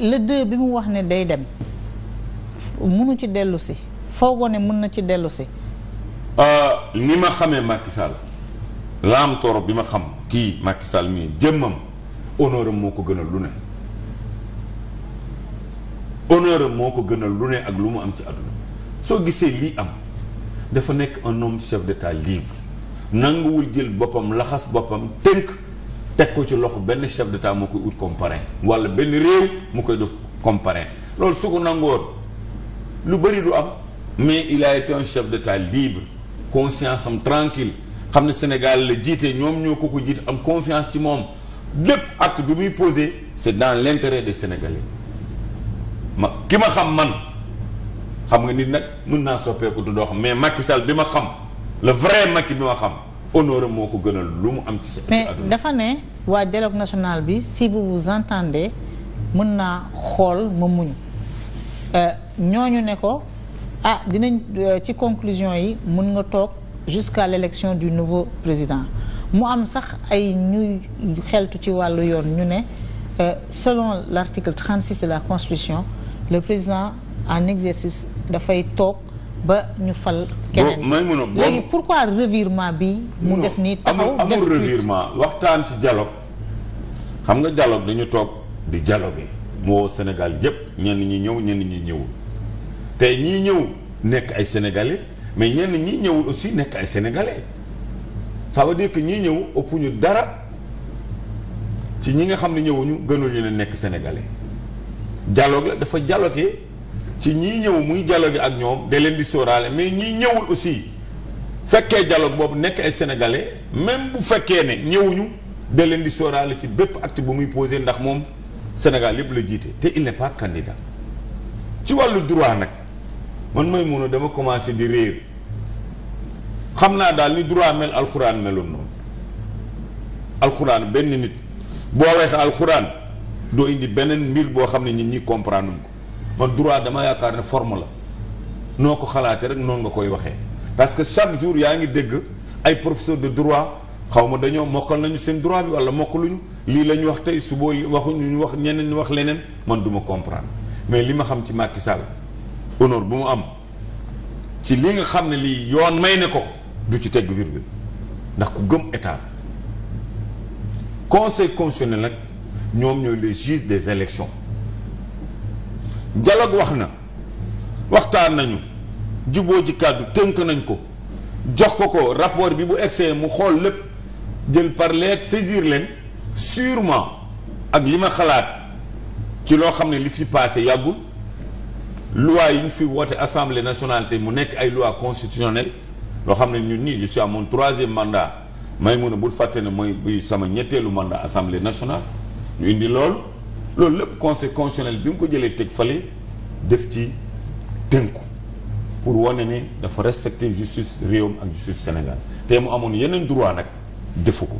le deux bi mu wax ne day dem munu ci dellusi si foogoo mun na ci dellusi si. Euh, ni ma xamee Macky Sall bi ma xam kii Macky mii jëmmam honneur moo ko gëna lu ne. honneur moo ko gënal lu ne ak lu mu am ci àdduna soo gisee lii am dafa nekk un homme chef d'état libre nanguwul jël boppam laxas boppam tënk. teg ko ci loxo benn chef d'état moo koy ut comme parrain wala benn réew mu koy def comme parrain loolu su ko nangoon lu bëri du am mais il a été un chef d'état libre conscience am tranquille xam ne Sénégal la jiite ñoom ñoo ko ko jiite am confiance ci moom lépp acte bi muy posé c'est dans l'intérêt de Sénégalais ma ki ma xam man xam nga nit nag mën naa soppeeku du doo xam mais Macky sale bi ma xam le vrai Macky bi ma xam honoré moo ko gënal lu mu am ci sa. waa dialogue national bi si vous vous entendez mën naa xool ma euh, ñoo ñu ne ko ah dinañ euh, ci conclusion yi mën nga toog jusqu'à l'élection du nouveau président mu am sax ay ñuy xeltu ci wàllu yoon ñu ne euh, selon l'article 36 de la constitution le président en exercice dafay toog ba ñu fal keneen léegi pourquoi revirement bi mu def nii taxaw def amul waxtaan ci dialogue xam nga dialogue dañu toog di dialoguer mu woo Sénégal yépp ñenn ñi ñëw ñenn ñi ñëwul tey ñii ñëw nekk ay sénégalais mais ñenn ñi ñëwul aussi nekk ay sénégalais ça veut ñii ñëw ëpp ñu dara ci ñi nga xam ne ñëwuñu gënul ñu nekk sénégalais dialogue la dafa dialoguer ci ñii ñëw muy dialoguer ak ñoom da leen di sóoraale mais ñii ñëwul aussi fekkee dialogue boobu nekk ay sénégalais même bu fekkee ne ñëwuñu. da leen di sóoraale ci bépp acte bu muy posé ndax moom Sénégal yëpp la jiite te il n'est pas candidat ci wàllu droit nag man may mun a dama commencé di réer xam naa daal ni duraa mel alxuraan meloon noonu alxuraan benn nit boo weex alxuraan doo indi beneen mbir boo xam ne nit ñi comprendre ko man droit dama yaakaar ne forme la noo ko xalaatee rek noonu nga koy waxee parce que chaque jour yaa ngi dégg ay professeur de droit xaw ma dañoo mokkal nañu seen droit bi wala mokkaluñu lii la ñu wax tey suboo waxuñu ñu wax ñeneen ñu wax leneen man du ma comprendre mais li ma xam ci Macky Sall honneur bu mu am ci li nga xam ne lii yoon may ne ko du ci tegg virgule ndax ku gëm état la conseil constitutionnel nag ñoom ñooy les juges des élections dialogue wax na waxtaan nañu juboo ji kàddu tënk nañ ko jox ko ko rapport bi bu egsee mu xool lépp jël par lettre saisir leen sûrement ak li ma xalaat ci loo xam ne li fi passé yàggul loi yi ñu fi woote assemblée nationale te mu nekk ay loi constitutionnelle loo xam ne ñu nii je suis à mon troisième mandat may mun bul fàtte ne mooy buy sama ñetteelu mandat assemblée nationale ñu indi loolu loolu lépp conseil constitutionnel bi mu ko jëlee teg fale def ci tënku pour wane ne dafa respecter justice réewam ak justice Sénégal te mu amoon yeneen droit nag defu ko.